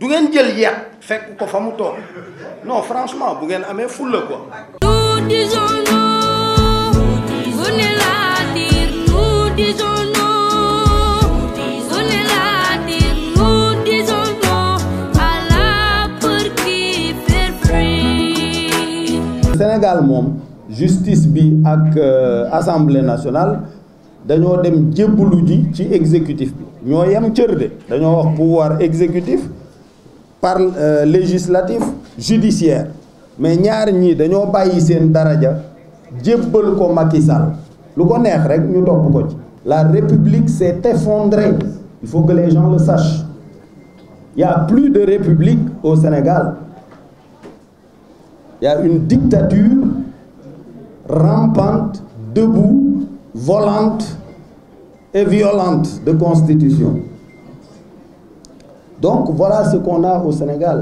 du ngeen jël yeeq fekk ko fa mu toog non franchement bu ngeen amee fulla quoi. Sénégal moom justice bi ak euh, assemblée nationale dañoo dem jébbalu ji ci exécutif bi ñoo yem cër de dañoo wax pouvoir exécutif par euh, législatif judiciaire mais ñaar ñii dañoo bàyyi seen daraja jébbal ko Macky Sall lu ko neex rek ñu topp ko ci la république s'est effondrée il faut que les gens le sachent il plus de république au Sénégal il y a une dictature rampante debout volante et violente de constitution donc voilà ce qu'on a au Sénégal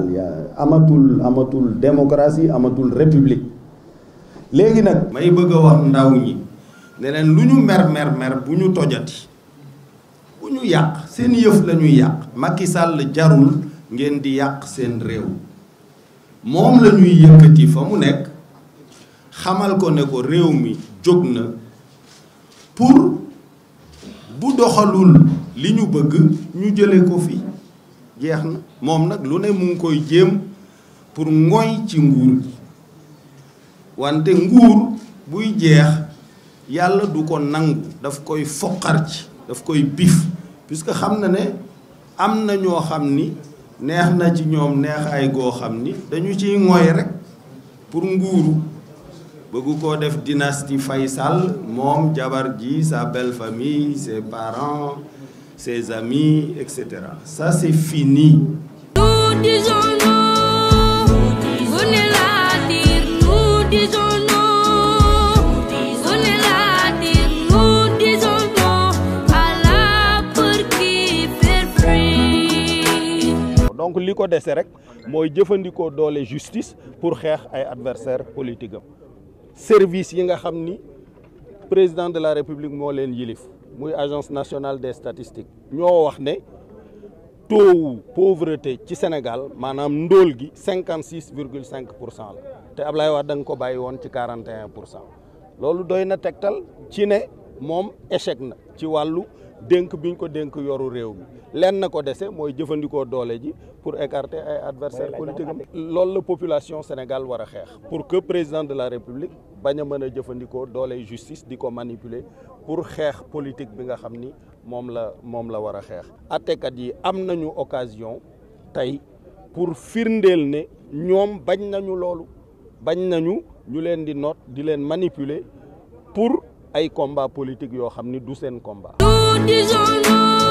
amatul amatul démocratie amatul république léegi nag. may bëgg a wax ndaw ñi ne leen lu ñu mer mer mer bu ñu tojati bu ñu yàq seen yëf lañuy ñuy yàq Macky Sall jarul ngeen di yàq seen réew moom la ñuy fa mu nekk xamal ko ne ko réew mi jóg na pour bu doxalul li ñu bëgg ñu jële ko fii jeex na moom nag lu ne mu ngi koy jéem pour ngoy ci nguur gi wante nguur buy jeex yàlla du ko nang daf koy foqar ci daf koy biif puisque xam na ne am na ñoo xam ni neex na ci ñoom neex ay goo xam ni dañu ciy ngoy rek pour nguuru bëggu koo def dynastie Faysal moom jabar ji sa belle famille ses parents ses amis, etc. Ça, c'est fini. Nous disons donc li ko dese rek mooy jëfandikoo doole justice pour xeex ay adversaires politiques service yi nga xam ni. président de la république moo leen yilif muy agence nationale des statistiques ñoo wax ne taux pauvreté ci Sénégal maanaam ndóol gi cinquante six virgule cinq pour cent la te Ablaye Wade da nga ko bàyyi woon ci quarante et pour cent loolu doy na tegtal ci ne moom échec na ci wàllu dénk bi ñu ko dénk yoru réew mi lenn na ko dese mooy jëfandikoo doole ji pour écarter ay adversaires politiques am loolu la population Sénégal war a xeex pour que président de la République bañ a mën a jëfandikoo doole justice di ko manipuler pour xeex politique bi nga xam ni moom la moom la war a xeex atekat yi am nañu occasion tey pour firndeel ne ñoom bañ nañu loolu bañ nañu ñu leen di noot di leen manipuler pour ay combat politique yoo xam ni du seen combat dishonored.